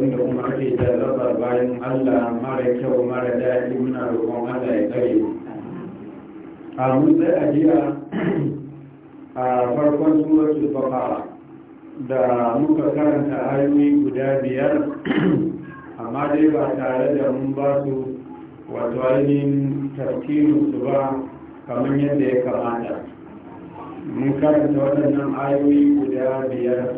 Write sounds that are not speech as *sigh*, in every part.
abinda kuma ake raba bayan Allah mara kyau mara daɗi muna roƙon Allah ya kare mu a mun zai ajiya jiya a farkon suratul baqara da muka karanta ayoyi guda biyar amma dai ba tare da mun ba su wato ainihin tafkirin su ba kamar yadda ya kamata mun karanta waɗannan ayoyi guda biyar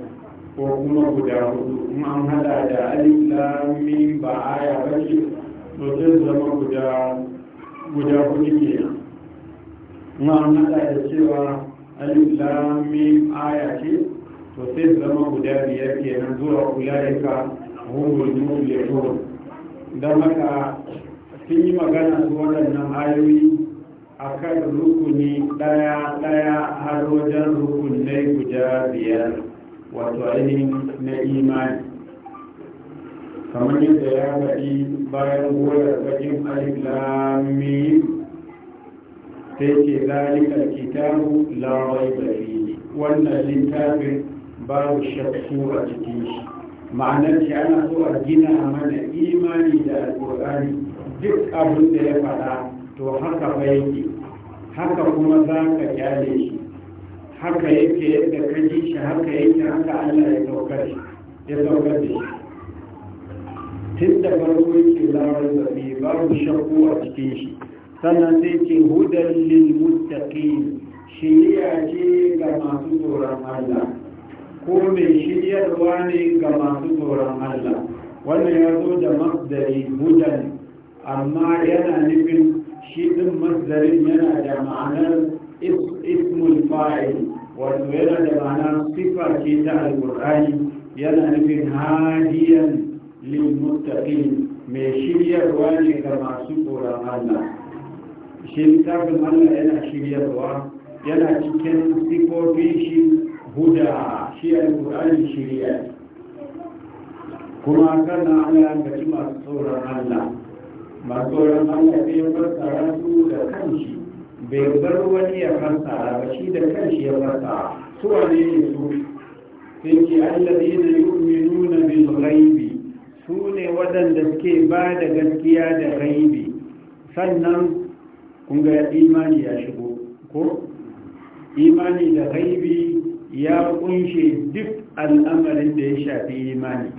ko kuma guda hudu in an hada da alif ba aya ba ce to zai zama guda guda hudu kenan in an hada da cewa alif lamin aya ce to sai zama guda biyar kenan zuwa ulaika humul muflihun dan haka sun yi magana su waɗannan ayoyi a kan rukuni ɗaya-ɗaya har wajen rukunai guda biyar wato ainihin na imani kamar yadda ya faɗi bayan goyar baƙin alislami sai ce zalikar kitabu lawai bari wannan littafin babu shakku a cikin shi ma'anar shi ana so a gina mana imani da alƙur'ani duk abin da ya faɗa to haka fa haka kuma za ka kyale shi haka yake yadda ka ji shi haka yake haka Allah ya saukar shi ya saukar da shi tun da farko yake lawar zabi babu shakku a cikin shi sannan sai ce hudan lil muttaqin shiriya ce ga masu tsoron Allah ko mai shiryarwa ne ga masu tsoron Allah wannan ya zo da masdari hudan amma yana nufin shi din masdarin yana da ma'anar ismul fa'il wato yana da ma'ana sifa ce ta alƙur'ani yana nufin hadiyan lilmuttaqin mai shiryarwa ne ga masu tsoron Allah shi littafin Allah yana shiryarwa yana cikin sifofin shi huda shi alƙur'ani shirya kuma na Allah ga masu tsoron Allah masu tsoron Allah sai ya fassara su da shi. bai bar wani ya fassara ba shi da kanshi ya fassara su wane ne su sai ki alladina nuna bil ghaibi su ne waɗanda suke ba da gaskiya da ghaibi sannan kun ga imani ya shigo ko imani da ghaibi ya kunshe duk al'amarin da ya shafi imani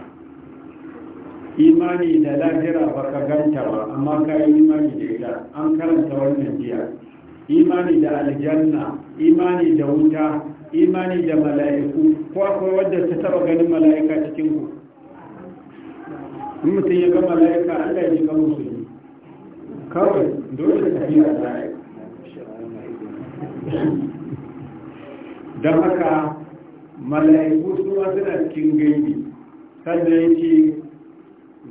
imani da lahira baka ganta ba amma ka yi imani da ita an karanta wannan jiya imani da aljanna imani da wuta imani da mala'iku ko akwai wadda ta taba ganin mala'ika cikin ku mutum ya ga mala'ika allah ya ga musulmi kawai dole ta fi a don haka mala'iku su ma suna cikin gaibi sannan ya ce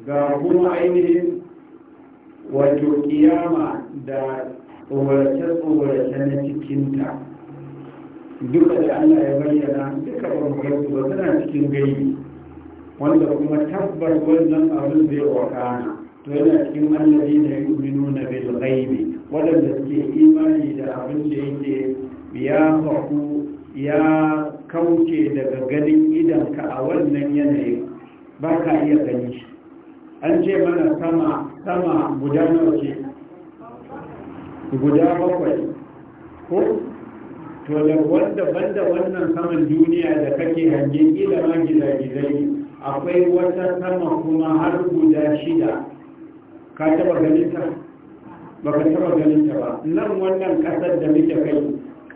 ga kuma ainihin wato kiyama da tsorace-tsorace na cikinta duka da allah ya bayyana duka ɓangarsu ba suna cikin gaibi wanda kuma tabbar wannan abin zai wakana to yana cikin allazi ne yu'minu na bil ghaibi wadanda suke imani da abin da yake ya faku ya kauce daga ganin idan ka a wannan yanayin ba ka iya gani an ce mana sama sama gudanar ce guda bakwai ko to da wanda banda wannan saman duniya da kake hange ila ma gidai akwai wata sama kuma har guda shida ka taba ganin ta ba ka taba ganin ta ba nan wannan kasar da muke kai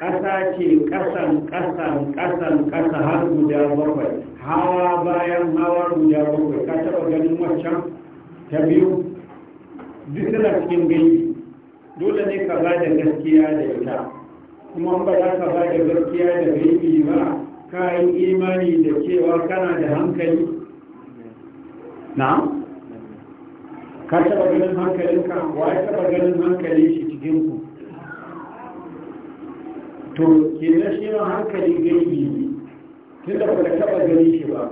ƙasa ce ƙasan ƙasan ƙasan ƙasa har guda bakwai hawa bayan hawa guda bakwai ka taba ganin wancan ta biyu duk suna cikin gaibi dole ne ka ba da gaskiya da ita kuma ba za ka ba da gaskiya da gaibi ba ka yi imani da cewa kana da hankali na ka taba ganin hankalin ka? wa ya taba ganin hankali shi cikin ku to kenan shi ma hankali gaibi ne tun da ba ka taba ganin shi ba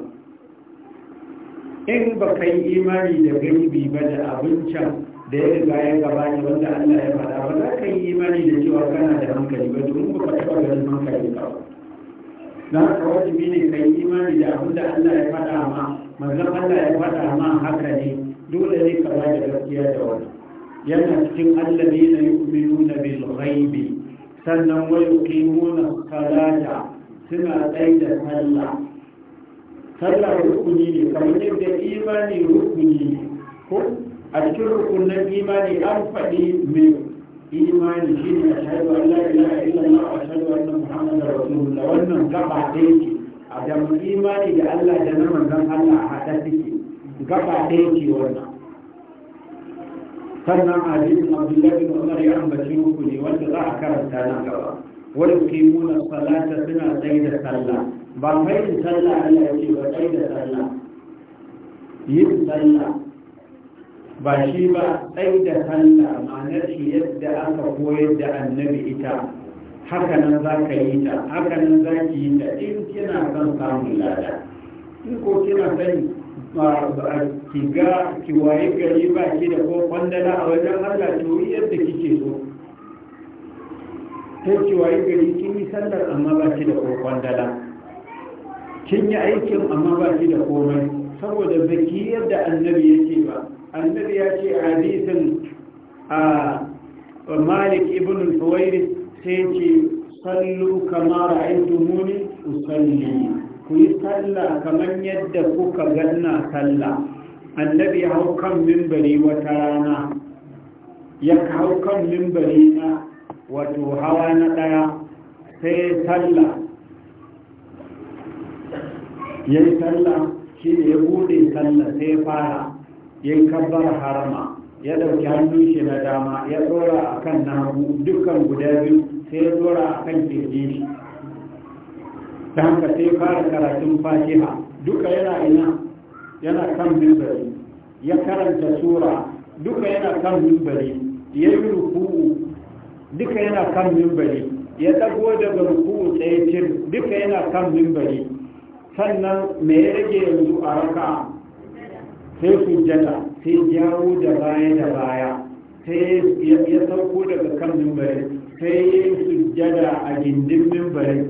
in ba ka yi imani da gaibi ba da abincin da ya riga ya gabani wanda Allah ya faɗa ba za ka yi imani da cewa kana da hankali ba domin ba ka taɓa ganin hankali ba na haka wajibi ne ka yi imani da abin da Allah ya faɗa ma manzon Allah ya faɗa ma haka ne dole ne ka ba da gaskiya da wani yana cikin Allah ne na yu'minuna bil ghaibi sannan wa yuqimuna salata suna tsaye da sallah sallah rukuni ne kamar yadda imani rukuni ne ko a cikin rukunan imani an faɗi mai imani shi ne a shahadu an la ilaha illallah a shahadu anna muhammadar rasulullah wannan gaba ɗaya ce a da imani da Allah da na manzon Allah a haɗa suke gaba ɗaya ce wannan sannan hadisin abdullahi bin umar ya ambaci muku ne wanda za a karanta na gaba wanda kimuna salata suna tsaye da sallah ba mai yin sallah Allah ya ce ba tsaye da sallah yin sallah ba shi ba tsaye da sallah ma'anar shi yadda aka koyar da annabi ita haka nan za ka yi ta haka nan za ki yi ta in kina son samun lada in ko kina sani ki ga ki waye gari ba ki da ko kwandala a wajen Allah to yadda kike so Ko ki waye gari kin yi sallar amma ba ki da ko kwandala kin yi aikin amma ba shi da komai saboda baki yadda annabi yake ba annabi ya ce hadisin a malik ibn al sai ce sallu kama ra'aytumuni usalli ku yi sallah kamar yadda kuka ganna sallah annabi ya hau kan mimbari wata rana ya hau kan mimbari na wato hawa na ɗaya sai sallah ya yi sallah shi ne ya buɗe sallah sai ya fara ya yi kabbar harama ya ɗauki hannun shi na dama ya ɗora a kan namu dukkan guda biyu sai ya ɗora a kan kirji shi ta haka sai fara karatun fatiha duka yana ina yana kan mimbari ya karanta sura duka yana kan mimbari ya yi ruku'u duka yana kan mimbari ya dago daga ruku'u tsaye duka yana kan mimbari sannan me ya rage yanzu a raka sai sujjada sai jawo da baya da baya sai ya sauko daga kan mimbari sai ya yi jada a gindin mimbari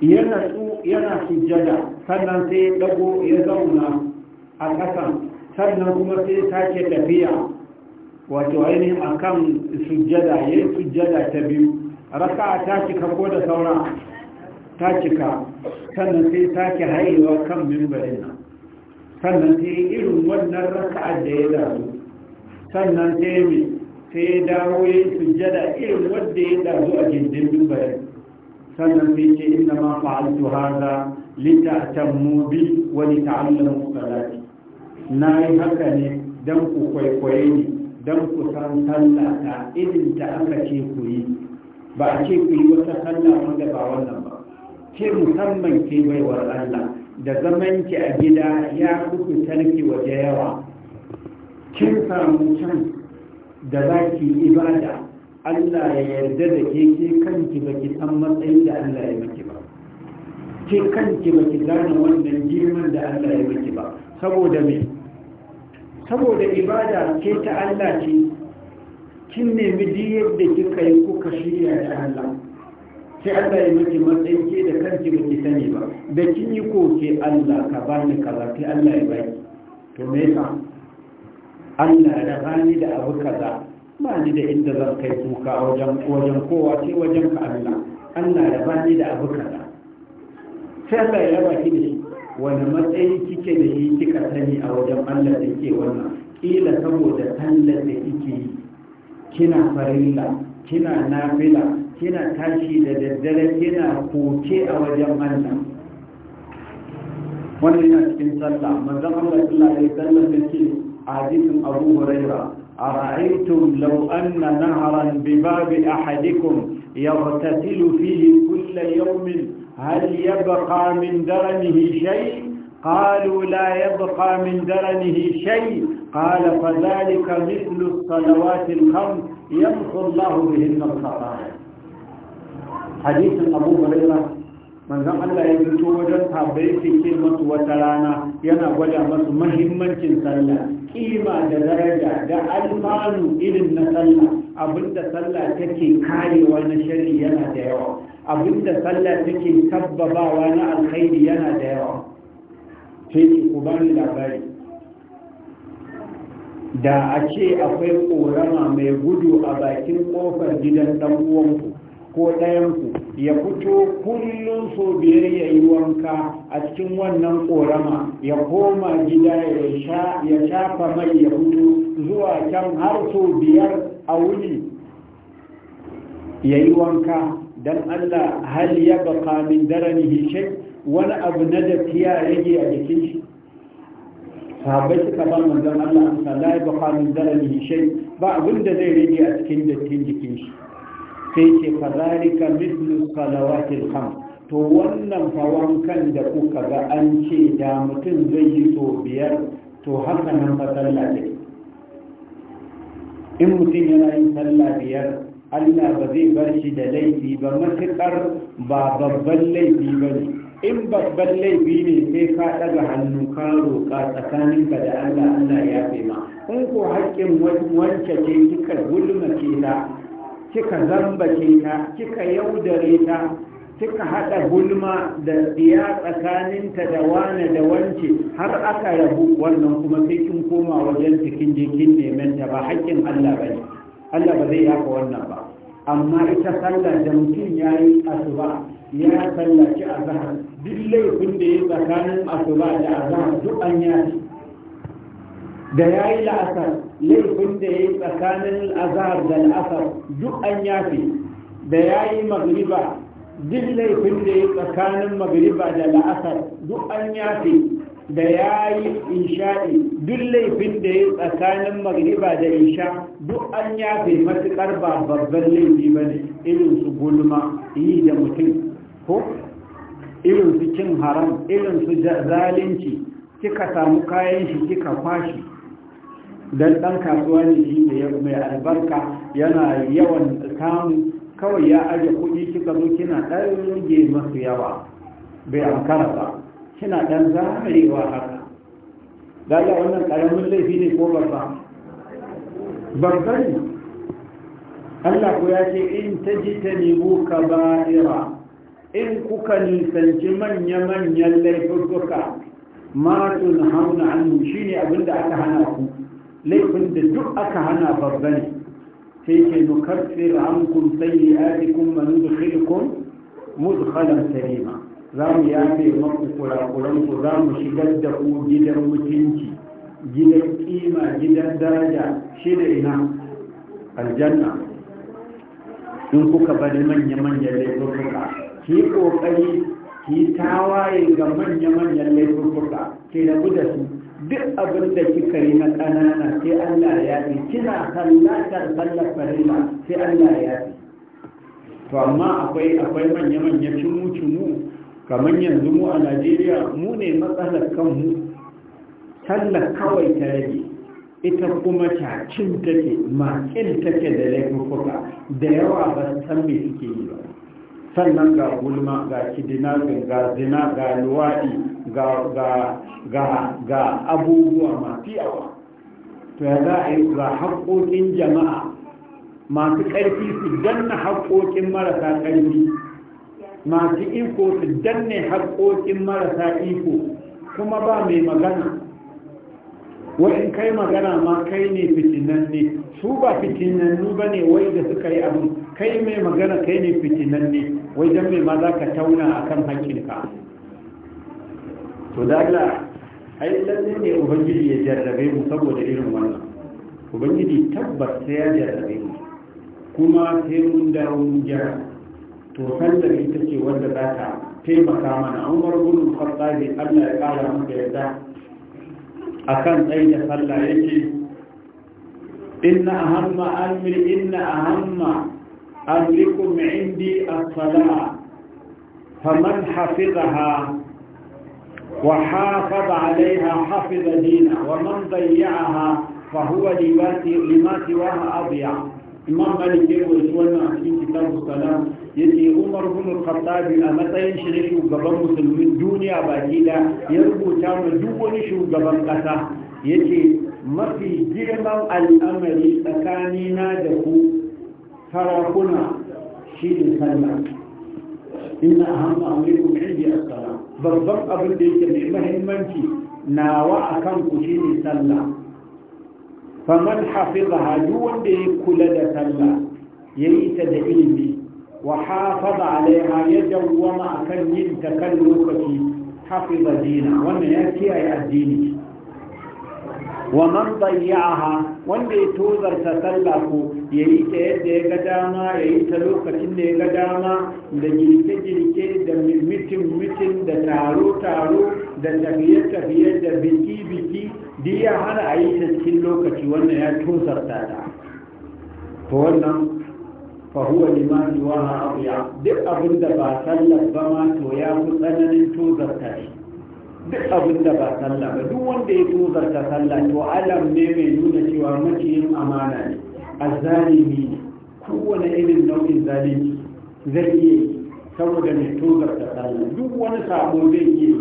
yana yana jada sannan sai ya dago ya zauna a ƙasan sannan kuma sai sake tafiya wato ainihin akan jada ya yi jada ta biyu raka ta cika ko da saura ta cika sannan sai sake haihuwa kan mimbarin nan sannan sai irin wannan raka'ar da ya zaru sannan sai mai sai ya dawo ya yi sujjada irin wadda ya zaru a gindin mimbarin sannan sai ce inna ma fa'altu haza lita'tammu bi wa lita'allamu salati na yi haka ne dan ku kwaikwaye ni dan ku san sallah ta irin da aka ce ku yi ba a ce ku yi wata sallah wanda ba wannan ke musamman ke baiwar Allah da zaman ki a gida ya kukutar tarki waje yawa kin samu can da za ki ibada Allah ya yarda da ke ke kanki ba ki san matsayin da Allah ya maki ba ke kanki ba ki gane wannan girman da Allah ya maki ba saboda me saboda ibada ke ta Allah ce kin nemi duk yadda kika yi kuka shirya da Allah sai Allah ya miki matsayin ke da kanki ki sani ba da kin yi koke Allah ka bani kaza sai Allah ya ki to me yasa Allah da bani da abu kaza ba ni da inda zan kai kuka wajen wajen kowa sai wajen ka Allah Allah da bani da abu kaza sai Allah ya baki da shi wani matsayi kike da shi kika sani a wajen Allah da ke wannan kila saboda Allah da kike yi kina farilla kina nafila kina tashi da daddare kina koke a wajen Allah wannan yana cikin sallah manzon Allah sallallahu alaihi wasallam yake a hadisin Abu Hurairah أرأيتم لو أن نهرا بباب أحدكم يغتسل فيه كل يوم هل يبقى من درنه شيء قالوا لا يبقى من درنه شيء قال فذلك مثل الصلوات الخمس يمحو الله بهن الخطايا hadisin abu hurairah manzon Allah ya fito wajen sahabbai ke ce masu wata rana yana gwada masu mahimmancin sallah kima da daraja da alfanu irin na sallah abinda sallah take karewa na shari'a yana da yawa abinda sallah take sabbabawa na alkhairi yana da yawa sai ku bani labari da a ce akwai korama mai gudu a bakin kofar gidan dan uwanku ko ɗayanku ya fito kullum so biyar ya yi wanka a cikin wannan ƙorama ya koma gida ya shafa mai ya fito zuwa can har so biyar a wuni ya yi wanka don allah hal ya baka min daranihi shai wani abu na fiya rage a jikin shi sabai suka ba manzan allah amsa ya baka min daranihi shai ba abin zai rage a cikin dattin jikin shi sai ce fazalika mislu salawatil kham to wannan kan da kuka ga an ce da mutum zai yi so biyar to haka nan matsala in mutum yana yin sallah biyar allah ba zai bar shi da laifi ba matuƙar ba babban laifi ba ne in babban laifi ne sai ka ɗaga hannu ka roƙa tsakaninka da allah allah ya fi ma in ko haƙƙin wancan ce kika gulma ke na kika zambace ta kika yaudare ta kika haɗa gulma da tsiya tsakaninta da wane da wance har aka rabu wannan kuma sai kin koma wajen cikin jikin neman ta ba haƙƙin Allah ba Allah ba zai yafa wannan ba amma ita sallar da mutum ya yi asuba ya sallaci azhar duk laifin da ya tsakanin asuba da azhar duk an yi da ya yi la'asar laifin da ya yi tsakanin azhar da la'asar duk an yafe da ya yi magriba duk laifin da ya yi tsakanin magriba da la'asar duk an yafe da ya yi inshaɗi, duk laifin da ya yi tsakanin magriba da insha duk an yafe matuƙar ba babban laifi ba ne irin su gulma yi da mutum ko irin su cin haram irin su zalunci kika samu kayan shi kika kwashi dan dan kasuwa ne shi da ya mai albarka yana yawan samu kawai ya aje kuɗi kika zo kina ɗan rage masu yawa bai amkara ba kina ɗan zamarewa haka daga wannan ƙaramin laifi ne ko babba babba ne Allah ku ya ce in ta ji ta nemo ka ba'ira in kuka nisanci manya-manyan laifuka ma tun hauna hannu shi ne abinda aka hana ku laifin da duk aka hana babba ne sai ke nukarfir hankun sayi cikin manu da mutu mudkhalan sarima za mu yafe maku kurakuranku za mu shigar da ku gidan mutunci gidan kima gidan daraja shi da ina aljanna in kuka bari manya-manyan laifuka ki kokari ki tawaye ga manya-manyan laifuka ke rabu da su duk abin da kika yi na ƙanana sai Allah ya fi kina hallatar sallar farilla sai Allah ya fi to amma akwai akwai manya-manya cimu-cimu kamar yanzu mu a Najeriya mu ne matsalar kanmu sallar kawai ta rage ita kuma cacin take makin take da laifuka da yawa ba san me suke yi ba sannan ga gulma ga kidina ga zina ga luwaɗi ga abubuwa masu yawa to ya za a yi ga haƙoƙin jama'a masu ƙarfi su danna haƙoƙin marasa ƙarfi masu iko su danne haƙoƙin marasa iko kuma ba mai magana in kai magana ma kai ne fitinan ne su ba fitinannu ba ne wai da suka yi abu kai mai magana kai ne fitinan ne wai mai ma za ka tauna a kan haƙƙinka to da Allah ai lalle ne ubangiji ya jarrabe mu saboda irin wannan ubangiji tabbas sai ya jarrabe mu kuma sai mun da mun jira. to da ita ce wanda za ta taimaka mana umar gudun fasabi allah ya kara maka yarda a kan tsaye da sallah ya ce inna ahamma amir inna ahamma amrikum indi as-sala'a faman hafizaha وحافظ عليها حفظ دينه ومن ضيعها فهو لما سواها اضيع امام مالك يقول سوانا في كتاب السلام يتي عمر بن الخطاب الى متى ينشغل شو من دنيا باكيلا يربو تام جوا شو قبل قتا يتي ما في جرم الامر سكاني نادكو فرقنا شيء سلمان ان اهم امركم عندي السلام babban abin da yake mai mahimmanci nawa a kan ku shi ne sallah faman hafiza duk wanda ya kula da sallah ya yi ta da ilimi wa hafaza alaiha ya dawwama akan yin ta kan lokaci hafiza dina wannan ya kiyaye addini wa man dayyaha wanda ya tozarta sallah ko ya yi ta yadda ya ga dama ya yi ta lokacin da ya ga dama da girke-girke da mitin-mitin da taro-taro da tafiye-tafiye da biki-biki duk ya hana a yi ta cikin lokaci wannan ya tozarta ta to wannan fahuwa limani wa ha'afiya duk abin da ba sallar ba ma to ya fi tsananin tozarta shi duk abin da ba sallah ba duk wanda ya tozarta sallah to alam ne mai nuna cewa yin amana ne azzalimi ne kowane irin nau'in zalimi zai iya yi saboda mai tozarta sallah duk wani sabo zai iya yi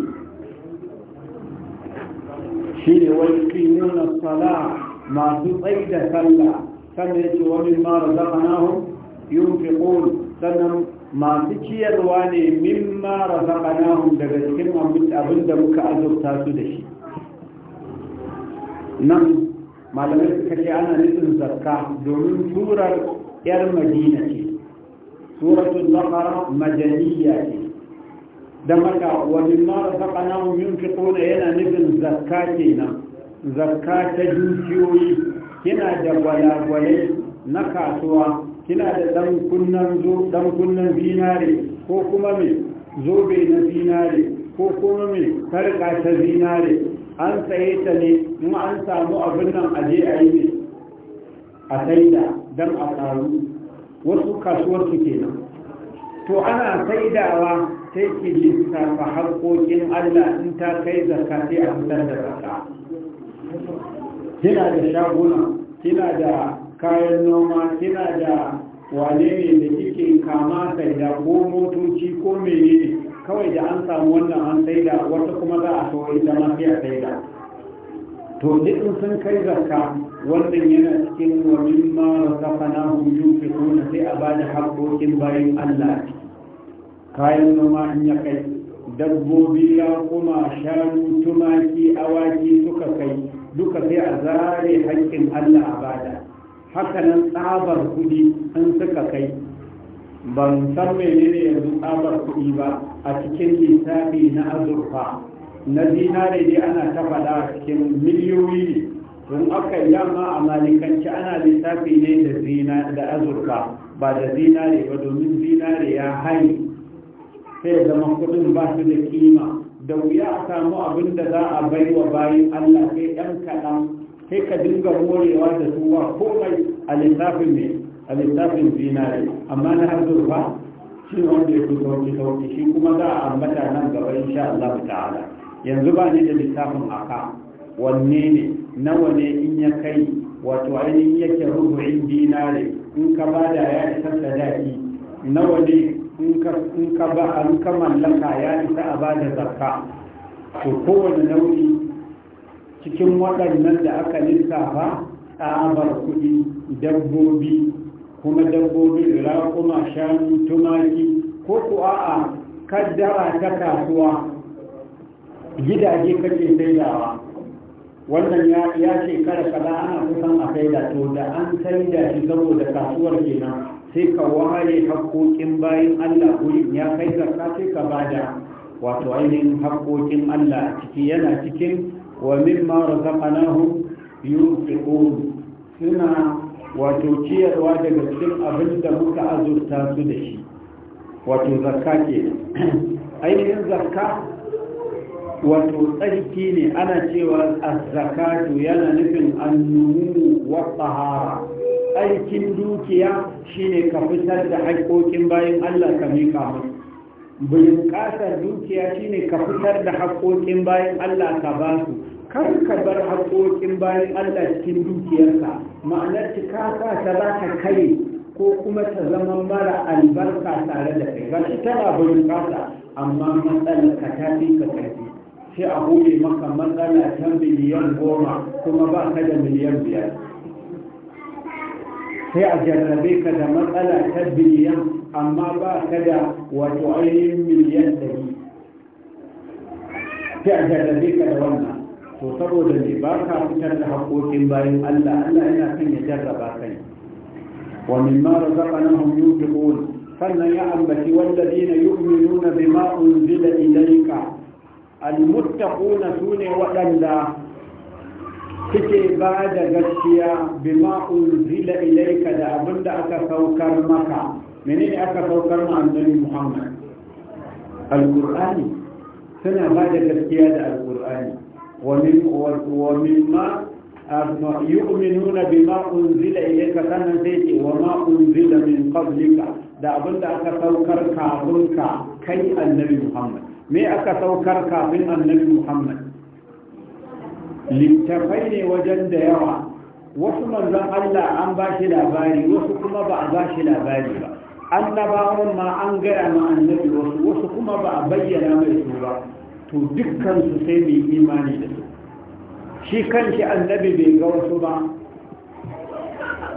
shi ne wani nuna sala masu tsai da sallah sannan ya ce wani mara zama nahun yunfi sannan masu ciyarwa ne mimma razaqnahum daga cikin abin da muka azurta su da shi nan malamai suka ce ana nufin zakka domin turar yar madina ce suratul baqara madaniyya ce da maka wa mimma razaqnahum yunfiquna yana nufin zakka kenan zakka ta dukiyoyi yana da gwalagwalai na kasuwa kina da dan kunnan zo dan kunnan zinare ko kuma me zobe na zinare ko kuma me karka ta zinare an tsaye ta ne in an samu abin nan a je a yi ne a saida dan a karu wasu kasuwar su kenan to ana saidawa sai ki lissafa haƙoƙin Allah in ta kai zakka sai a fitar da zakka kina da shaguna kina da kayan noma kina da wane ne da kike kama kai da ko motoci ko mene kawai da an samu wannan an saida wata kuma za a so ita ma sai saida to duk sun kai zakka wannan yana cikin wa mimma razaqnahum yunfiquna sai a ba da haƙoƙin bayan Allah kayan noma in ya kai dabbobi ya kuma shanu tumaki awaki suka kai duka sai a zare haƙƙin Allah a bada hakanan tsabar kuɗi sun suka kai ban san menene yanzu tsabar kuɗi ba a cikin lissafi na azurfa na zinare ne ana ta faɗa cikin miliyoyi ne tun aka yi yamma a malikanci ana lissafi ne da azurfa ba da zinare ba domin zinare ya haini sai zama kudin ba su da kima da wuya a samu abin da za a bai wa bayan allah sai yan kaɗan sai ka dinga morewa da tuwa komai a lissafin mai a littafin zinare amma na har ba shi wanda ya fi sauki sauki shi kuma za a ambata nan gaba insha Allah ta'ala yanzu ba ne da lissafin aka wanne ne nawa ne in ya kai wato ainihin yake rubu'in dinare in ka bada ya isa sadaki nawa ne in ka ba an ka mallaka ya isa a bada zakka to kowane nau'i cikin waɗannan da aka lissafa tsabar kuɗi dabbobi kuma dabbobin raƙuma shanu tumaki ko kuwa a kaddara ta kasuwa gidaje kake saidawa wannan ya shekara kaza ana kusan a saida to da an saida shi saboda kasuwar kenan sai ka ware haƙoƙin bayan allah wurin ya kai zarka sai ka bada wato ainihin haƙoƙin allah ciki yana cikin wa mimma yunfiqun suna wato ciyarwa daga cikin abin da muka azurta su da shi wato zakka ke ainihin zakka wato tsarki ne ana cewa azzakatu yana nufin annumu wa tsahara aikin dukiya shine ka fitar da haƙoƙin bayan Allah ka miƙa musu bunƙasar dukiya shine ka fitar da haƙoƙin bayan Allah ka ba su kar ka bar haƙoƙin bayan Allah cikin dukiyarka ma'anar ka sa ta za kai kare ko kuma ta zama mara albarka tare da kai ba shi tana bunƙasa amma matsalar ka ta fi ka karfi sai a bude maka matsala ta miliyan goma kuma ba ka da miliyan biyar sai a jarrabe ka da matsala ta biliyan أما باكدا وتعلم من ينتهي تعجل ذيك دوانا تصبو ذلك باكا فتن حقوق بين الله ألا إلا كن يجر باكين ومما رزقناهم يوجبون فلن يا أمتي والذين يؤمنون بما أنزل إليك المتقون سوني وأدلى تكي بعد غشيا بما أنزل إليك لأبند أكا فوكر مكان منين أكثر كرم عن نبي محمد القرآن سنة بعد تسكيادة القرآن ومن ومما يؤمنون بما أنزل إليك سنة ذيك وما أنزل من قبلك دا أبدا أكثر كرم عنك كي النبي محمد ما أكثر كرم من النبي محمد لتفيني وجند يرى wasu manzan عن an ba shi labari wasu kuma ba a annabawan ma an gaya ma annabi wasu wasu kuma ba a bayyana mai su ba to dukkan su sai mai imani da su shi kanshi annabi bai ga wasu ba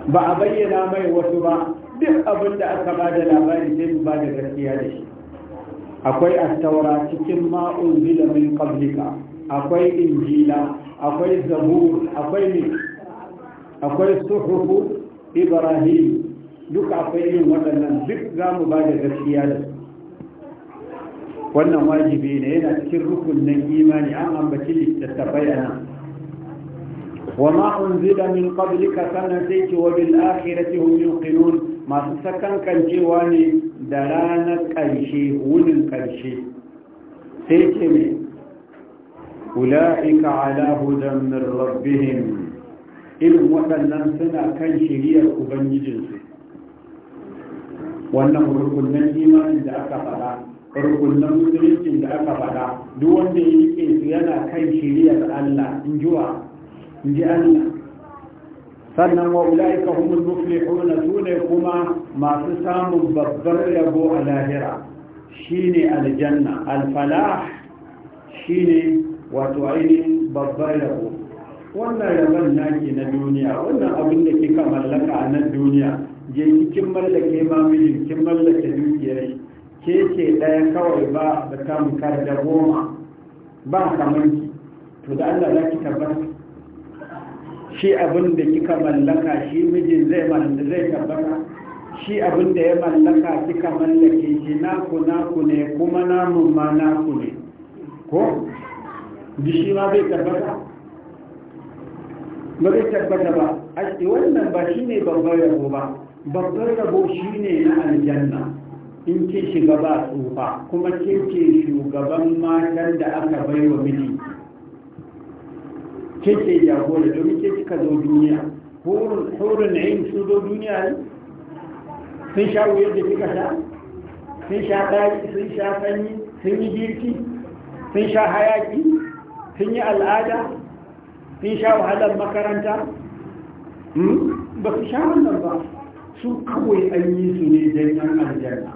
ba a bayyana mai wasu ba duk abin da aka ba da labari sai mu ba da gaskiya da shi akwai astaura cikin ma'un zilamin kablika akwai injila akwai zabur akwai ne akwai suhuhu ibrahim duk akwai yin waɗannan duk za mu ba da gaskiya da su wannan wajibi ne yana cikin rukunin imani an ambaci littattafai a nan wa ma unzila min qablika sannan sai ce wa bil akhirati hum yuqinun masu sakankancewa ne da ranar ƙarshe wunin karshe sai ce ne ula'ika ala hudan min rabbihim irin waɗannan suna kan shiriyar ubangijinsu wannan rukunin imanin da aka faɗa rukunin musuluncin da aka faɗa duk wanda ya rike yana kan shiriyar Allah in ji wa in ji Allah sannan wa ula'ika humul muflihuna sune kuma masu samun babbar yabo a lahira shine aljanna alfalah shine wato ainihin babbar yabo. wannan rabon naki na duniya wannan abin da kika mallaka a nan duniya je kin mallake ma miji, kin mallake dukiyar ke ce ɗaya kawai ba da kamun karda da goma ba kamar ki to da Allah za ki tabbata shi abin da kika mallaka shi mijin zai mallaka zai tabbata shi abin da ya mallaka kika mallake shi naku naku ne kuma namu ma naku ne ko bi shi ma bai tabbata ba zai tabbata ba a wannan ba shi ne babbar yabo ba babbar rabo shi ne na aljanna in ke shiga ba tsufa kuma ke ke shugaban matan da aka bai wa miji ke ke jagora domin ke ka zo duniya horon na yin su zo duniya ne sun sha wuyar da kika sha sun sha ɗari sun sha sanyi sun yi girki sun sha hayaki sun yi al'ada sun sha wahalar makaranta hmm? ba su sha wannan ba su kawai an yi su ne don yan aljanna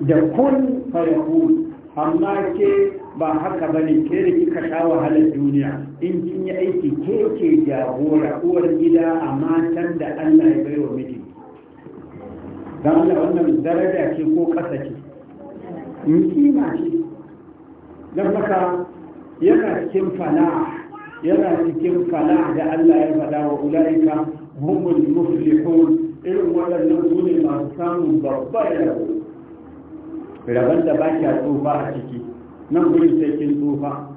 da kun fayakun amma ke ba haka bane ke da kika sha wahalar duniya in kin yi aiki ke ke jagora uwar gida a matan da Allah ya bai wa miji dan Allah wannan daraja ce ko kasa ce in kima ce dan haka yana cikin fala yana cikin fala da Allah ya faɗa wa ulaika humul muflihun irin waɗannan su ne masu samun babbar yabo rabon da ba kya tsufa a ciki nan wurin sai kin tsufa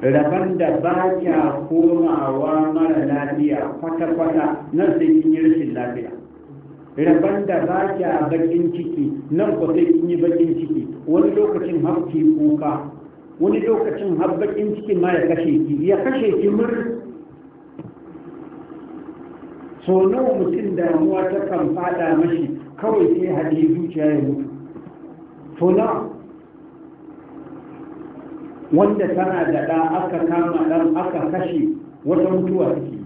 rabon da ba kya komawa mara lafiya kwata-kwata nan sai kin yi rashin lafiya rabon da ba kya bakin ciki nan ko sai kin yi bakin ciki wani lokacin hafi kuka wani lokacin har bakin ciki ma ya kashe ki ya kashe ki mur so nawa mutum damuwa ta kan fada mashi kawai sai hadi zuciya ya mutu so na wanda tana daɗa aka kama ɗan aka kashe wata mutuwa take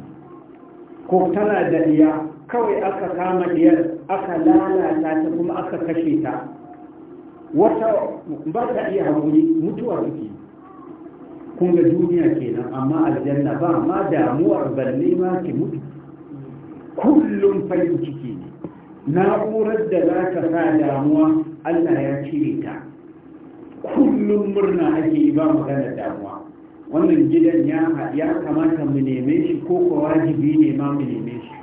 ko tana da iya kawai aka kama diyar aka lalata ta kuma aka kashe ta wata ba ta iya haƙuri mutuwa take kun ga duniya kenan amma aljanna ba ma damuwar balle ma ke mutu kullum farin ciki ne na'urar da za ta sa damuwa allah ya cire ta kullum murna ake yi ba maganar damuwa wannan gidan ya kamata mu neme shi ko ko wajibi ne ma mu neme shi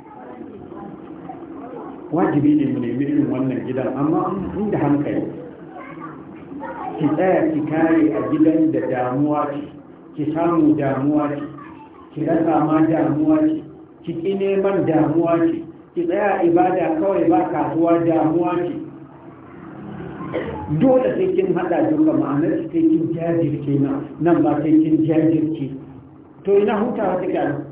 wajibi ne mu neme irin wannan gidan amma da hankali ki tsaya ki kare a gidan da damuwa ce ki samu damuwa ce ki rasa ma damuwa ce ki ƙi neman damuwa ce ki tsaya ibada kawai ba kasuwa damuwa ce dole sai kin haɗa duka ma'anar sai kin jajirce na nan ba sai kin jajirce to ina hutawa wata nan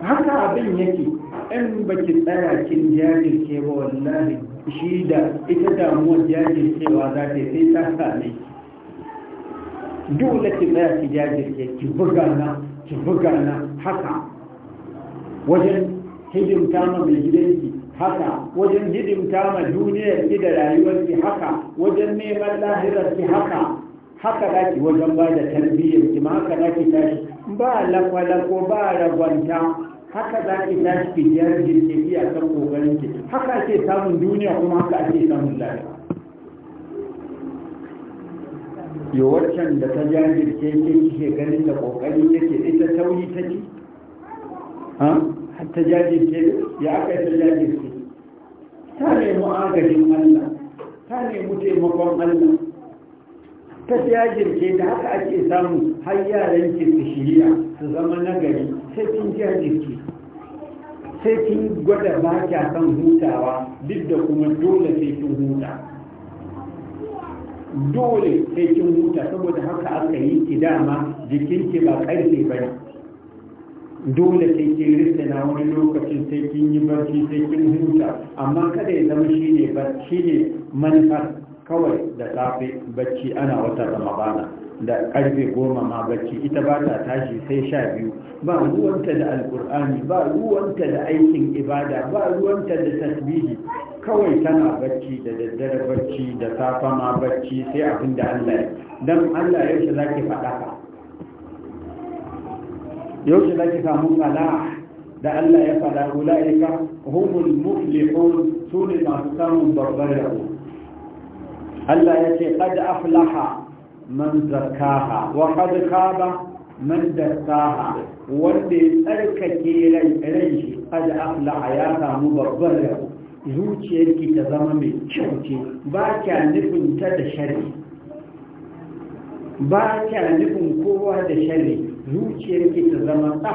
haka abin yake in ba ki tsaya kin jajirce ba wallahi shi da ita damuwar jajircewa za ta sai ta same dole ki tsaya ki jajirce ki buga na ki buga na haka wajen hidimta ma mai gidanki haka wajen hidimta ma duniyar ki da rayuwarki haka wajen neman lahirar ki haka haka ki wajen ba da tarbiyyar ki ma haka ki tashi ba lakwalako ba ragwanta haka ki tashi ki jiyar jirgi ki a kan kokarin ki haka ake samun duniya kuma haka ake samun lafiya yawancin da ta jajirce ke ganin da kokari ke, ita tauri ta ha Hatta jajirce ya aka yi ta jajirce ta nemi agajin Allah ta nemi taimakon Allah ta jajirce da haka ake samu har yaran ke su shirya su zama nagari sai kin jajirce sai kin gwada ba kya son hutawa duk da kuma dole sai kin huta dole sai kin huta saboda haka aka yi ki dama ki ba karfe ba ne dole sai kin rinsa na wani lokacin sai kin yi barci sai kin huta amma kada ya zama shi ne barci ne manufar kawai da safe barci ana wata ramadana da karfe goma ma barci ita ba ta tashi sai sha biyu ba ruwanta da alkur'ani ba ruwanta da aikin ibada ba ruwanta da tasbihi kawai tana barci da daddare barci da safa ma barci sai abin da allah dan allah yaushe zaki faɗa يوجد لك سامو فلاح ده ألا يفعل أولئك هم المفلحون سول ما سكنوا بربره ألا يتي قد أفلح من زكاها وقد خاب من دساها والذي ترك كيري ريش قد أفلح يا سامو بربره زوجي يلك تزمامي شوتي باكا نفن تد شري باكا نفن قوة شري zuciyar ki ta zama ɗa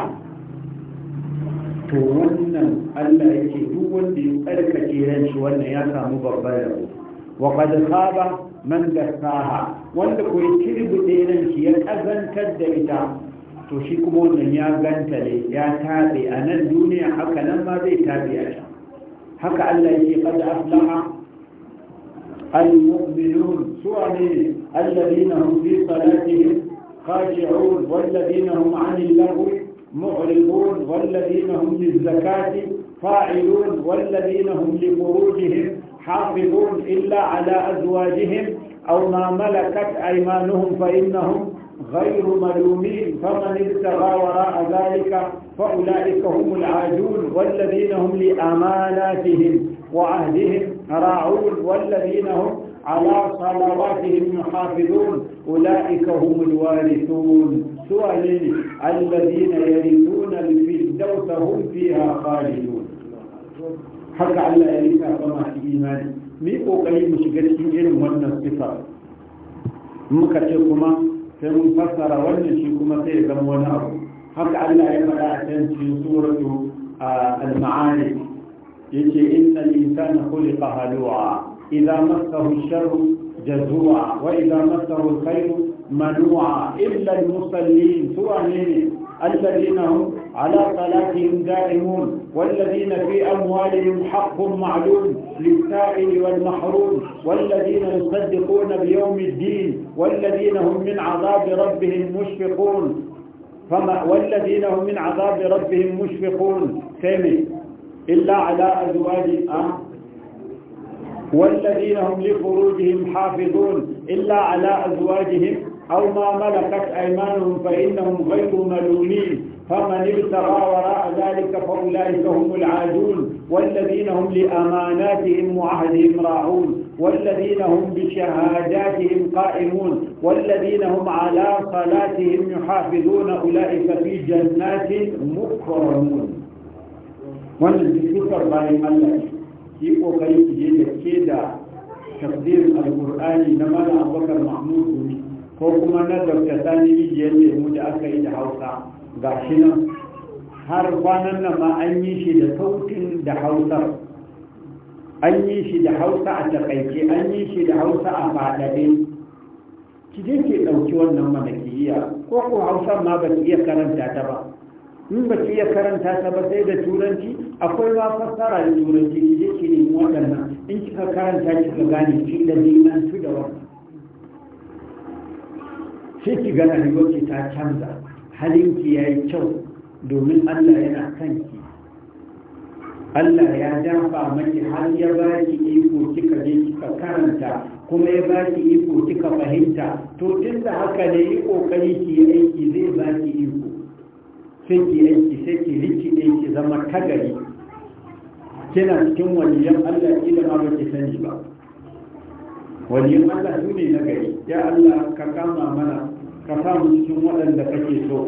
to wannan Allah ya ce duk wanda ya tsarkake ran shi wannan ya samu babbar rabo wa qad khaba man dassaha wanda ko kirbuɗe ran shi ya kazantar da ita to shi kuma wannan ya gantale ya taɓe a nan duniya haka nan ma zai taɓe a can haka Allah yake kada aflaha al-mu'minun su ne alladhina hum fi salatihim خاشعون والذين هم عن اللغو معرضون والذين هم للزكاة فاعلون والذين هم لفروجهم حافظون إلا على أزواجهم أو ما ملكت أيمانهم فإنهم غير ملومين فمن ابتغى وراء ذلك فأولئك هم العاجون والذين هم لأماناتهم وعهدهم راعون والذين هم على صلواتهم محافظون أولئك هم الوارثون سؤالين الذين يرثون الفردوس هم Haka Allah ya الله يرثها فما في إيمان mi kokari mu shiga cikin irin wannan sifa muka ce kuma sai mun fassara wannan shi kuma sai ya zama wani abu haka Allah ya faɗa a can cikin suratu al-ma'arij yace innal insana khuliqa halu'a idza massahu sharru جزوعا وإذا مسه الخير منوعا إلا المصلين سوى الذين هم على صلاتهم دائمون والذين في أموالهم حق معلوم للسائل والمحروم والذين يصدقون بيوم الدين والذين هم من عذاب ربهم مشفقون فما والذين هم من عذاب ربهم مشفقون كم إلا على أزواج أه والذين هم لفروجهم حافظون إلا على أزواجهم أو ما ملكت أيمانهم فإنهم غير ملومين فمن ابتغى وراء ذلك فأولئك هم العادون والذين هم لأماناتهم وعهدهم راعون والذين هم بشهاداتهم قائمون والذين هم على صلاتهم يحافظون أولئك في جنات مكرمون والذكر باين الله yi kokari ki je da ke da tafsirin alkur'ani na malam abubakar mahmud gumi ko kuma na dr sani rijiyar lemu da aka yi da hausa ga shi nan har kwanan nan ma an yi shi da sautin da hausar an yi shi da hausa a takaice an yi shi da hausa a faɗaɗe ki je ke ɗauki wannan mana iya ko ko hausar ma ba ki iya karanta ta ba in ba ki iya karanta ta ba sai da turanci akwai ba fassara da turanci ki je ki waɗannan in kika karanta kika gane ki da dinan su da wannan sai ki gana rayuwarki ta canza halinki ya yi kyau domin Allah yana kan ki Allah ya dafa maki har ya ba ki iko kika je kika karanta kuma ya ba ki iko kika fahimta to tun da haka ne yi kokari ki yi aiki zai ba ki iko sai ki aiki sai ki riki ne ki zama tagari kina cikin waliyan Allah kila ma baki sani ba waliyan Allah su ne na gari ya Allah ka kama mana ka sa mu cikin waɗanda kake so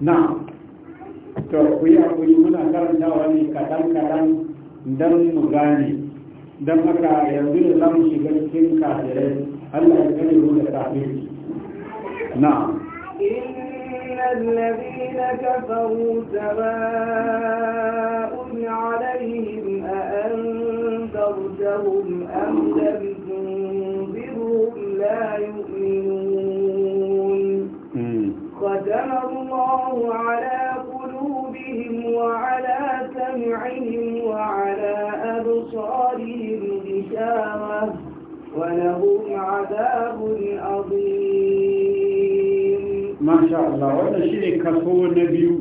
na to ku yi hakuri muna karanta wani kaɗan kaɗan don mu gane don haka yanzu da za mu shiga cikin kafirai Allah ya kare mu da kafirci na إن الذين كفروا سواء عليهم أأنذرتهم أم لم تنذرهم لا يؤمنون ختم الله على قلوبهم وعلى سمعهم وعلى أبصارهم غشاوة ولهم عذاب عظيم ما شاء الله وانا شيء كفو نبيو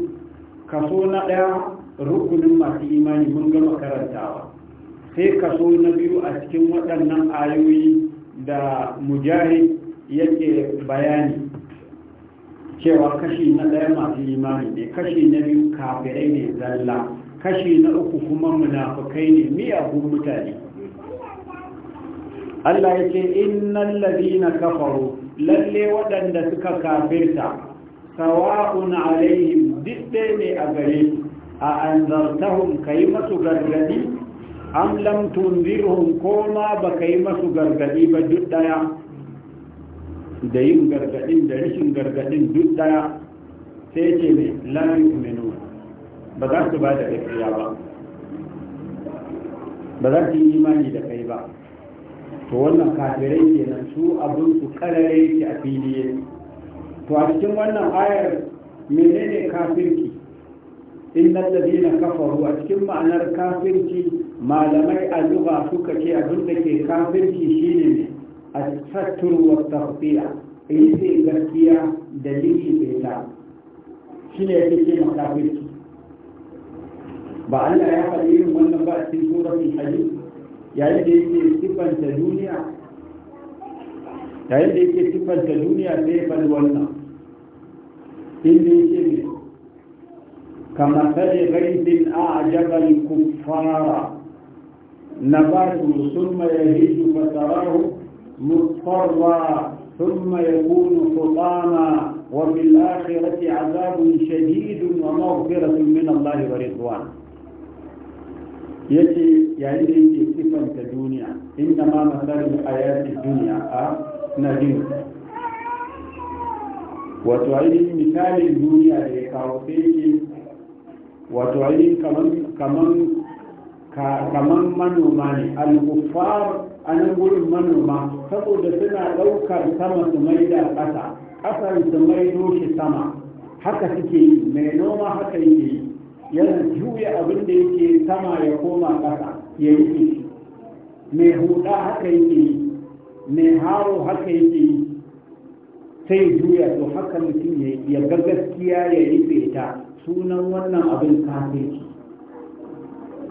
كفو نقيا rukunin masu imani mun gama karantawa sai kaso na biyu a cikin waɗannan ayoyi da mujahid yake bayani cewa kashi na ɗaya masu imani ne kashi na biyu kafirai ne zalla kashi na uku kuma munafukai ne miyagun mutane Allah ya ce na ladina kafaru lalle waɗanda suka kafirta sawa'un alaihim duk ne a gare su a anzartahum kai masu gargadi am lam tunzirhum ko ma ba kai masu gargadi ba duk daya da yin gargadin da rashin gargadin duk daya sai ce ne la yu'minu ba za su ba da gaskiya ba ba za su yi imani da kai ba to wannan kafirai kenan su abin su karare yake a filiye. to a cikin wannan ayar menene kafirki innal ladina kafaru a cikin ma'anar kafirci malamai a lugha suka ce abin da ke kafirci shine as-satr wa tafiya yace gaskiya da lili ta shine yake ce kafirci ba Allah ya faɗi irin wannan ba a cikin suratul hadid yayin da yake sifanta duniya yayin da yake sifanta duniya sai ya faɗi wannan inda yake ne كمثل غيث أعجب الكفار نباته ثم يهيج فتراه مضطرا ثم يكون حطاما وفي الآخرة عذاب شديد ومغفرة من الله ورضوان يتي يعني يأتي صفة الدنيا إنما مثل الحياة الدنيا آه، نجم وتعيد مثال الدنيا لكاوتيك wato ai kaman kaman kaman manoma ne al-kuffar an nan gurin manoma saboda suna ɗaukar sama su mai da ƙasa ƙasar su mai shi sama haka suke yi mai noma haka yake yi yana juya abin da yake sama ya koma ƙasa ya yi shi mai huɗa haka yake yi mai haro haka yake yi sai juya to haka mutum ya ga gaskiya ya rufe ta sunan wannan abin kafirci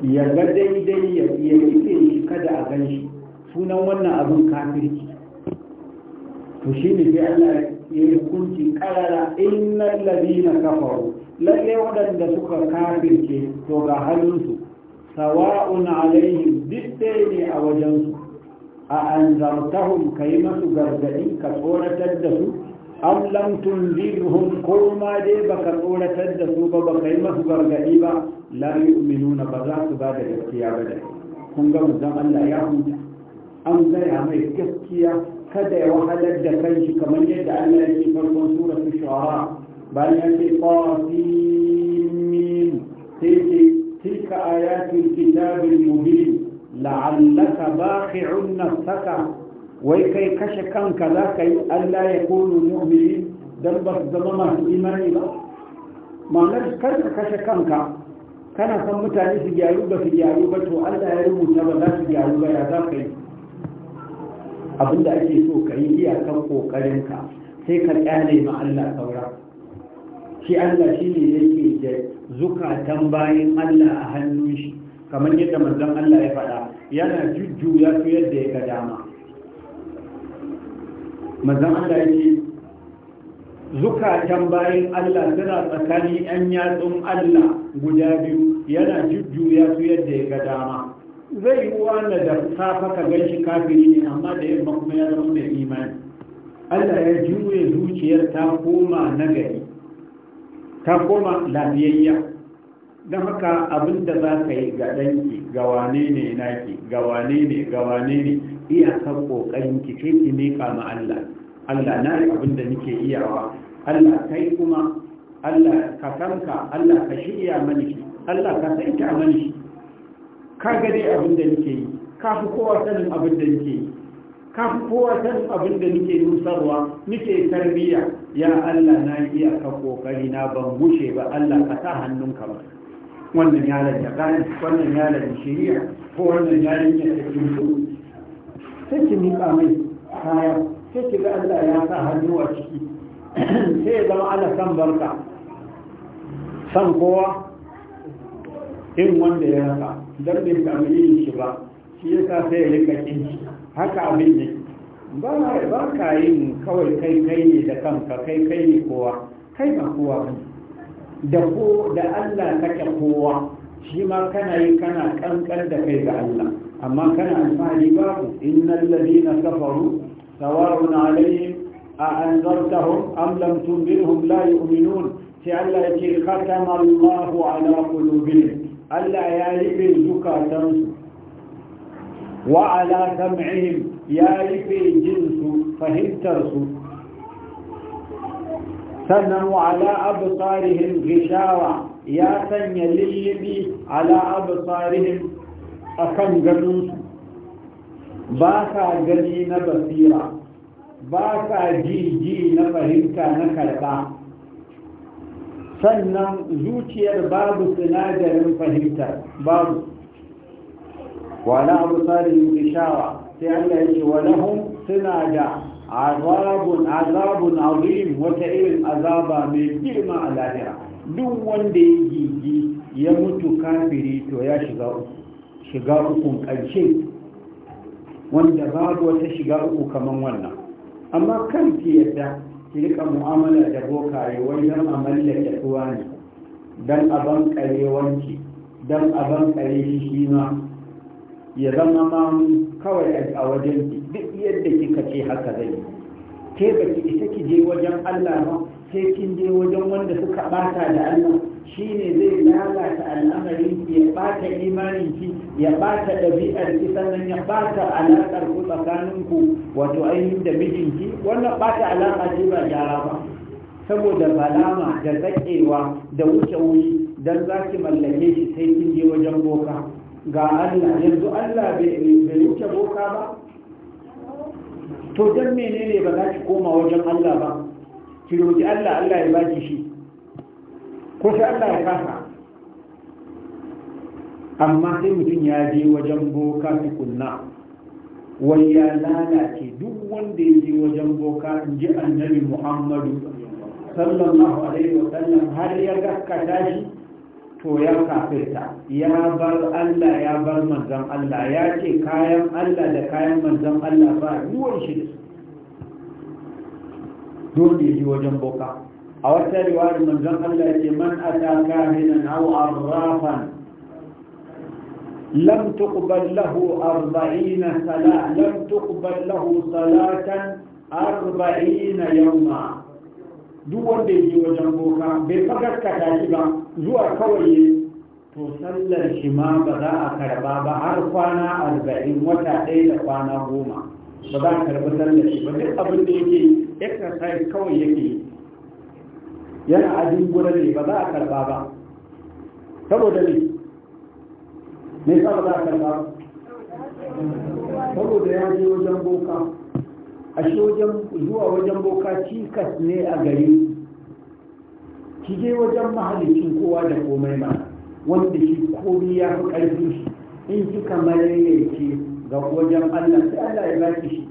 ya ga daidai ya ife shi kada a gan shi sunan wannan abin kafirci to shi ne sai Allah ya yi hukunci karara innal ladina kafaru lalle waɗanda suka kafirce to ga halinsu sawa'un alaihim dukkan ne a wajensu a an ka yi masu gargadi ka tsoratar da su an lantun tunzirhum ko ma dai baka tsoratar da su ba baka yi masu gargaɗi ba la yu'minuna ba za su ba da gaskiya ba da kun ga Allah ya huta an gaya mai gaskiya kada ya wahalar da kanshi kamar yadda Allah ya ce farkon sura su shara bayan ya ce qasim sai ce tilka ayatul kitabil mubin la'allaka baqi'un nafsaka wai kai kashe kanka za ka yi allah ya kono mu'mini don ba su zama masu imani ba ma'anar kar ka kashe kanka kana san mutane su gyaru ba su gyaru ba to allah ya rubuta ba za su gyaru ba ya za ka yi abinda ake so ka yi kan kokarinka sai ka kyale ma allah saura shi allah shi ne yake da zukatan bayan allah a hannun shi kamar yadda manzon allah ya faɗa yana jujjuya su yadda ya ga dama mazan Allah yake zukatan bayan Allah suna tsakanin yan yatsun Allah guda biyu yana jujjuya su yadda ya ga dama zai yi na da safa ka gan shi kafiri ne amma da yamma kuma ya zama mai imani Allah ya juye zuciyar ta koma nagari ta koma lafiyayya don haka abin da za ka yi ga danki, ga wane ne naki ga ne ga ne iyakar kokarin ki ce ki miƙa ma Allah Allah na yi abin da nake iyawa Allah kai kuma Allah ka sanka Allah ka shirya mani Allah ka saita mani ka ga dai abin da nake yi ka fi kowa sanin abin da nake yi ka fi kowa sanin abin da nake nusarwa nake tarbiyya ya Allah na yi ka kokari na ban gushe ba Allah ka sa hannun ka ba wannan yaron ya gane wannan ya yaron shiriya ko wannan yaron ya tafi sai ki miƙa mai kaya sai ki ga Allah ya sa hannu a ciki *clears throat* sai ya zama ana san barka san kowa in wanda ya rasa don ka mai yin shi ba shi ya sa sai ya rika kin shi haka abin ne ba ka yin kawai kai kai ne da kanka kai kai ne kowa kai ba kowa ba da ko da Allah kake kowa shi ma kana yi kana kankar da kai ga Allah أما كان عن فعل بعض إن الذين كفروا سواء عليهم أأنذرتهم أم لم تنذرهم لا يؤمنون تعالى ختم الله على قلوبهم ألا يالف الزكاة وعلى سمعهم يالف الجنس فهم ترسو سنوا على أبصارهم غشاوة يا سن يليبي على أبصارهم Akan kan su. ba sa gani na basira ba sa ji na fahimta na karɓa sannan zuciyar babu sinadarin fahimtar babu wala abu yi gishawa sai allah ya ce hun suna da azabun azabun azim wata irin azaba mai girma a lahira duk wanda ya gigi ya mutu kafiri to ya shiga uku shiga uku ƙarshe wanda babu wata shiga uku kaman wannan amma kan ki yadda ki rika mu'amala da bokaye wai don a mallake tuwa ne don a bankare wanki don shi shi ma ya zama ma kawai a wajen duk yadda kika ce haka zai ke ba ki isa ki je wajen Allah ba sai kin je wajen wanda suka bata da Allah shi ne zai lalata al'amarin ya bata imanin ki ya bata ɗabi'ar ki sannan ya bata alaƙar ku tsakanin ku wato ainihin da mijinki wannan bata alaƙa ce ba gyara ba saboda balama da zaƙewa da wuce wuce don za ki mallake shi sai kin je wajen boka ga Allah yanzu Allah bai wuce boka ba to don menene ba za ki koma wajen Allah ba ki roƙi Allah Allah ya baki shi ko sai Allah ya kasa amma sai mutum ya je wajen boka tukunna wai ya lalace duk wanda ya je wajen boka in ji annabi muhammadu sallallahu alaihi wa sallam har ya gaskata shi to ya kafirta ya bar Allah ya bar manzon Allah ya ce kayan Allah da kayan manzon Allah ba ruwan shi da su dole ya je wajen boka a wata riwayar manzon Allah yake man ata kahinan aw arrafan lam tuqbal lahu 40 salat lam tuqbal lahu salatan 40 yawma duk wanda yake wajen boka bai fagarka da shi ba zuwa kawai to sallar shi ma ba za a karba ba har kwana arba'in wata ɗaya da kwana goma ba za a karba sallar shi ba duk abin da yake exercise kawai yake yi yana a gura ne ba za a karba ba saboda ne me sa ba za a karba ba saboda ya je wajen boka a shi wajen zuwa wajen boka cikas ne a gari ki je wajen mahallicin kowa da komai ma wanda shi komi ya fi ƙarfi shi in kika malayyace ga wajen Allah sai Allah ya ba shi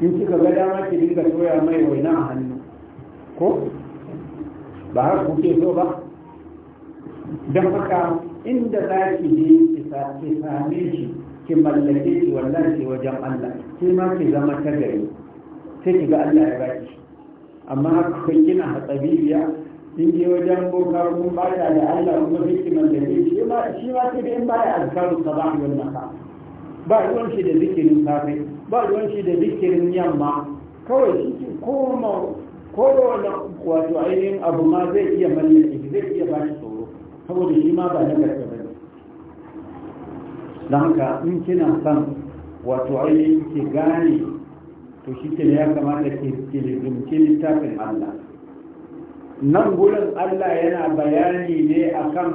in kika ga dama ki dinga toya mai waina a hannu ko ba har kuke so ba don haka inda za ki ne ki same shi ki mallake shi shi wajen Allah ki ma ki zama ta gari sai ki ga Allah ya baki amma haka kina hatsabibiya in je wajen boka kun baya da Allah kuma sai ki mallake shi ma shi ma ki da in baya alkaru sabah wal masa ba ruwan shi da zikirin safe ba ruwan shi da zikirin yamma kawai shi ke koma kowane wato ainihin abu ma zai iya mallake zai iya ba shi tsoro saboda shi ma ba na gaske ba ne don haka in kina son wato ainihin ki gane to shi ke ya kamata ki lizumci littafin Allah nan gurin Allah yana bayani ne akan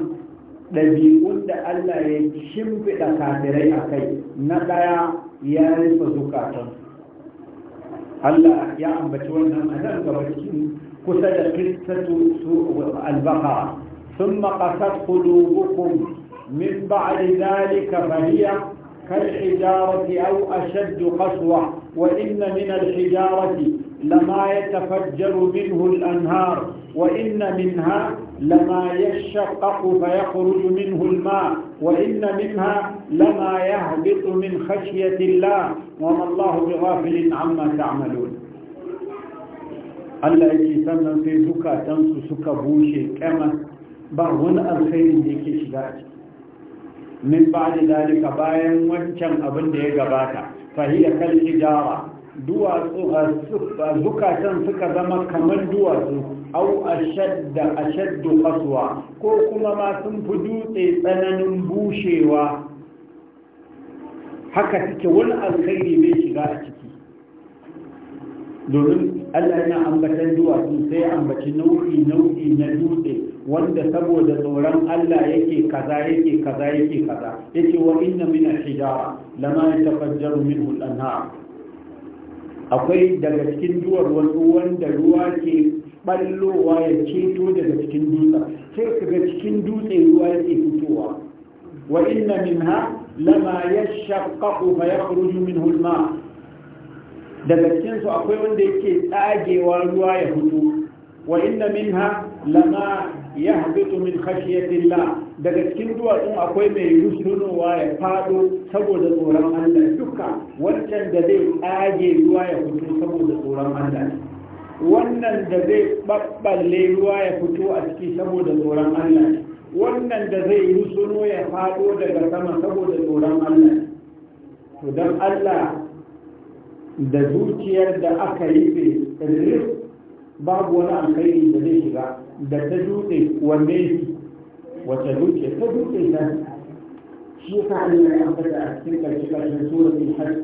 ɗabi'un da Allah ya shimfiɗa kafirai a kai na ɗaya ya rufe zukatansu الله أحياء بتوانا أنا قرأتهم قصد قصة البقاء ثم قصد قلوبكم من بعد ذلك فهي كالحجارة أو أشد قسوة وإن من الحجارة لما يتفجر منه الأنهار وإن منها لما يشقق فيخرج منه الماء وإن منها لما يهبط من خشية الله وما الله بغافل عما تعملون Allah yake sannan sai zukatansu suka bushe kamar ba wani alkhairin da yake shiga a ciki min ba da dalika bayan wancan abin da ya gabata fahiyar kan shigara duwatsu zukatan suka zama kamar duwatsu au ashadda ashaddu qaswa ko kuma ma sun fi dutse tsananin bushewa haka suke wani alkhairi bai shiga a ciki domin Allah yana ambatan duwatsu sai ambaci nau'i nau'i na dutse wanda saboda tsoron Allah yake kaza yake kaza yake kaza yace wa inna min al-hijara lama yatafajjaru minhu al-anhar akwai daga cikin duwar wasu wanda ruwa ke ballowa ya ceto daga cikin dutse sai ka ga cikin dutse ruwa yake fitowa wa inna minha lama yashaqqaqu fa yakhruju minhu al-ma daga cikin su akwai wanda yake tsagewa ruwa ya fito wa inna minha lama yahbitu min khashyati Allah daga cikin duwatsun akwai mai rusunowa ya fado saboda tsoron Allah duka wancan da zai tsage ruwa ya fito saboda tsoron Allah wannan da zai ɓaɓɓalle ruwa ya fito a ciki saboda tsoron Allah wannan da zai yi suno ya faɗo daga sama saboda tsoron Allah to don Allah da zuciyar da aka yi tsirir babu wani alkhairi da zai shiga da ta dutse wanne wata zuciya ta dutse ta shi ka Allah a ambata a cikin ƙarshe ƙarshen suratul hajj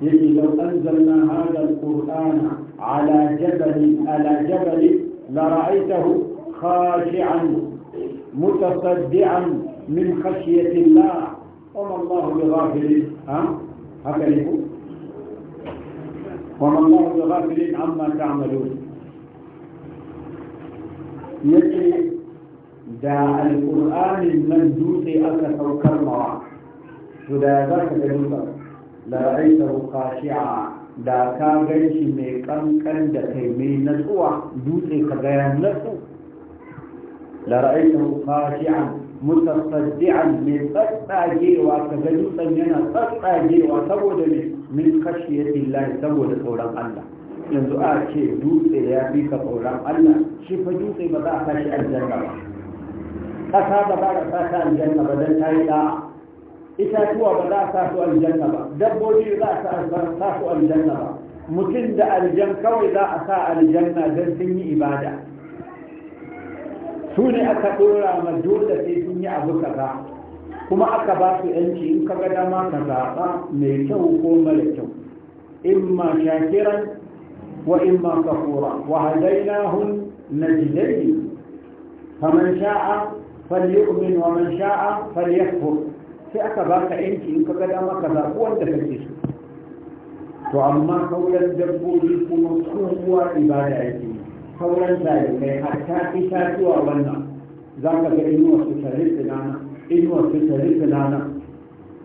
yake lau anzalna hadha qur'ana على جبل على جبل لرأيته خاشعا متصدعا من خشية الله وما الله بغافل ها هكذا وما الله بغافل عما تعملون يجري دا القرآن المندوس أكثر كرمه فلا ذاك لرأيته خاشعا da ka gan shi mai kankan da kai mai natsuwa dutse ka ga ya natsu la ra'aytahu khashi'an mutasaddi'an mai tsatsagewa ka ga dutsen yana tsatsagewa saboda ne min khashiyati llahi saboda tsoron Allah yanzu a ce dutse ya fi ka tsoron Allah shi fa dutse ba za a kashi aljanna ba ƙasa ba za a kashi aljanna ba dan ta yi itatuwa ba za a sa su aljanna ba dabbobi za a sa su aljanna ba mutum da aljan kawai za a sa aljanna don sun yi ibada su ne aka dora ma dole sai sun yi abu kaza kuma aka ba su yanci in ka ga dama ka zaɓa mai kyau ko mara kyau imma shakiran wa imma kafura wa hadainahum najdayn faman sha'a falyu'min wa man sha'a falyakfur sai aka baka yanki in ka ga dama ka zaɓi wanda kake so to amma sauran dabbobi kuma kowa ibada yake sauran talibai hatta zuwa wannan za ka ga inuwa su tare da nana inuwa su tare da nana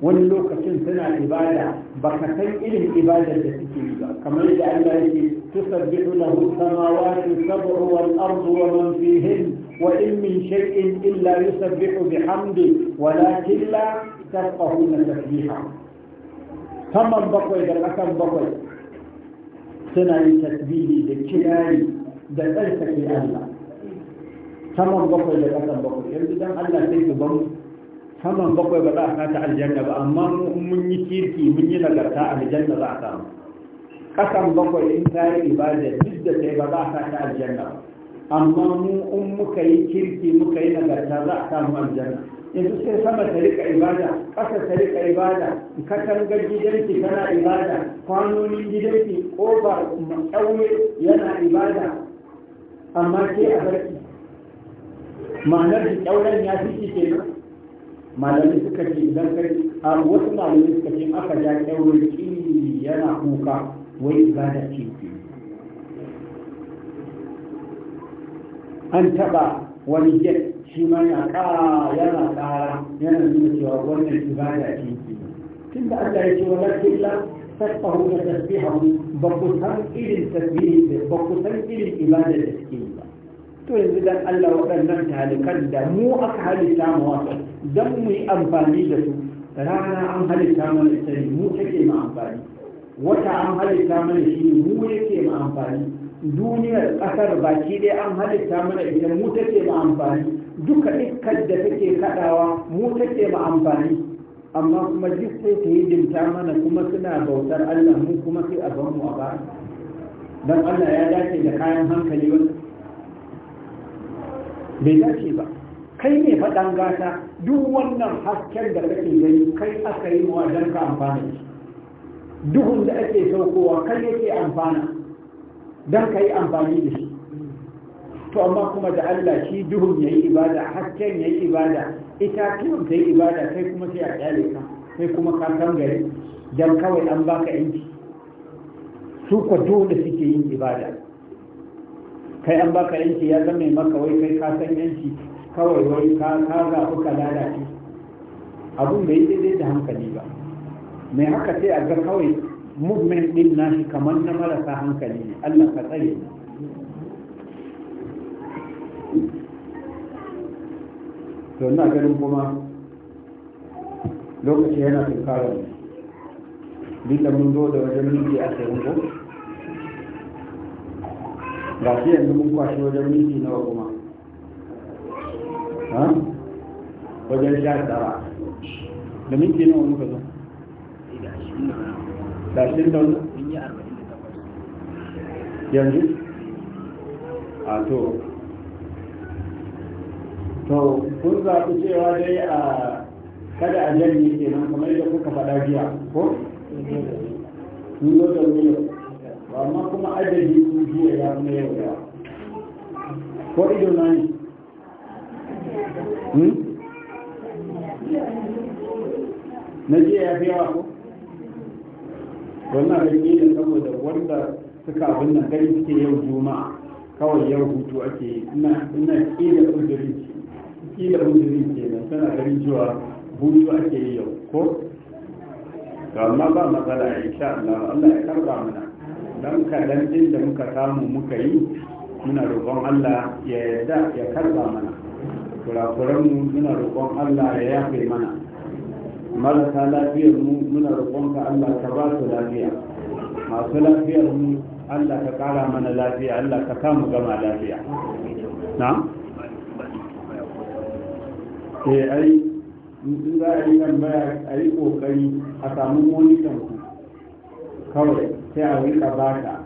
wani lokacin suna ibada ba ka san irin ibadar da suke yi ba kamar da Allah yake tusabbihu lahu samawati sab'u wal ardu wa man fihin wa in min shay'in illa yusabbihu bihamdi walakin la تفقهون saman bakwai da bakwai saman bakwai da bakwai yanzu Allah sai ban saman bakwai ba za a kata aljanna ba amma mun yi kirki mun yi nagarta aljanna a samu ƙasan bakwai ibada duk da ba za a ba amma mu in muka yi kirki muka yi nagarta za a samu aljanna yanzu sai sama ta rika ibada ƙasa ta rika ibada katangar gidanki tana ibada kwanonin gidanki ƙofa ƙauye yana ibada amma ke a barki ma'anar da ƙyauren ya fi ke kenan malami suka ce idan kai a wasu malami suka ce aka ja ƙi yana kuka wai ibada ce ke an taɓa wani jet shi ma ya kara yana kara yana nuna cewa wannan ibada ce tun da Allah ya ce wa lafiya tasbahu da tasbihu ba ku san irin tasbihi da ba ku san irin ibada da suke yi ba to yanzu dan Allah waɗannan talikan da mu aka halitta mu wasu dan mu yi amfani da su rana an halitta da ita mu take mu amfani wata an halitta da shi mu yake mu amfani duniyar ƙasar baki dai an halitta mana ita mu take ma amfani duka ikkar da take kaɗawa mu take ma amfani amma kuma duk sai ta yi dinta mana kuma suna bautar Allah mu kuma sai a ban mu a ba dan Allah ya dace da kayan hankali ba bai dace ba kai ne faɗan gata duk wannan hasken da kake gani kai aka yi wa dan ka amfana duhun da ake saukowa kai yake amfana don ka yi amfani da shi to amma kuma da Allah shi duhun ya yi ibada hasken ya yi ibada itatuwan ta yi ibada kai kuma sai a kyale ka kai kuma ka san gari don kawai an baka yanki su ka dole suke yin ibada kai an baka yanki ya zama maka wai kai ka san yanki kawai wai ka zaɓi ka lalace abun bai daidai da hankali ba mai haka sai a ga kawai mu'min din nashi kamar na marasa hankali ne Allah ka tsare to na ganin kuma lokaci yana tunkara ne duk da mun zo da wajen minti a sayan ko ga shi yanzu mun kwashi wajen minti nawa kuma wajen sha tara da minti nawa muka zo ɗashin don yanzu a to to kun zaɓi cewa dai a kada a janye ke nan kamar yadda kuka faɗa jiya ko? sun zo da wuri amma kuma adadi sun jiya ya na yau da ko ido na yi? Hmm? na jiya ya fi yawa ko? wannan rage ne saboda wanda suka abin nan gari suke yau juma'a kawai yau hutu ake yi ina kila uzuri kila uzuri ke nan tana cewa hutu ake yi yau ko amma ba matsala ya sha Allah Allah ya karba mana dan kaɗan ɗin da muka samu muka yi muna roƙon Allah ya yarda ya karba mana kurakuranmu muna roƙon Allah ya yafe mana marasa lafiyar mu muna roƙonka Allah ka ba su lafiya masu lafiyar mu Allah ka ƙara mana lafiya Allah ka kama gama lafiya na? ke eh, ai in za a yi tambaya a yi ƙoƙari a samu monitan ku kawai sai a rika ta,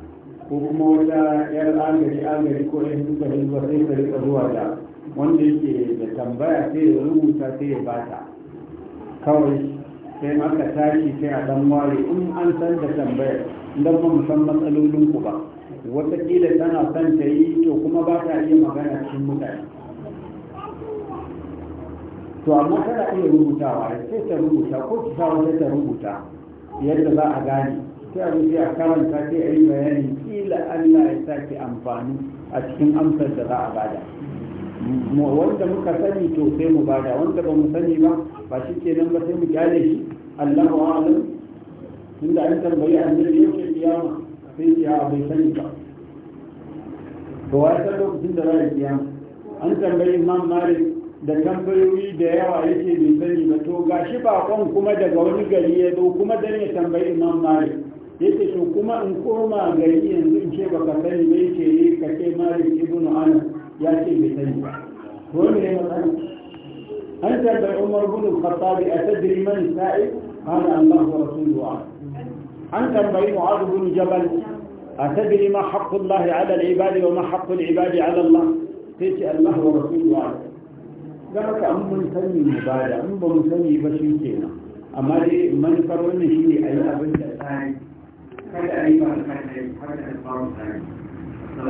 ko kuma wata yar agari agari ko yan duka hilba sai ka rika zuwa da wanda yake da tambaya sai ya rubuta sai ya ba ta. kawai sai aka tashi sai a dan ware in an san da tambayar dan ba mu san matsalolin ku ba wataƙila tana son ta yi to kuma ba ta iya magana cikin mutane to amma tana iya rubutawa sai ta rubuta ko ki kawo sai ta rubuta yadda za a gane sai a rubuta a karanta sai a yi bayani kila Allah ya sake amfani a cikin amsar da za a bada. wanda muka sani to sai mu bada wanda ba mu sani ba ba shi ke nan ba sai mu kyale shi Allah wa alam tunda an tambayi annabi yake kiyama sai ya bai sani ba to wai san lokacin da zai kiyama an tambayi Imam Malik da tambayoyi da yawa yake bai sani ba to gashi kon kuma daga wani gari ya zo kuma dan ya tambayi Imam Malik yake to kuma in koma gari yanzu in ce baka sani ba yake yi eh, kake Malik ibn Anas ya ce bai sani ba ko me ne matsala an tabbai umar bin al-khattab atadri man sa'i qala allah أتدري ما حق الله على العباد وما حق العباد على الله قلت الله ورسوله أعلم ذلك أم من سني مبادة أم من سني بشيكينا أما دي من فرون شيء أي أبن الثاني كذا أي ما كذا أي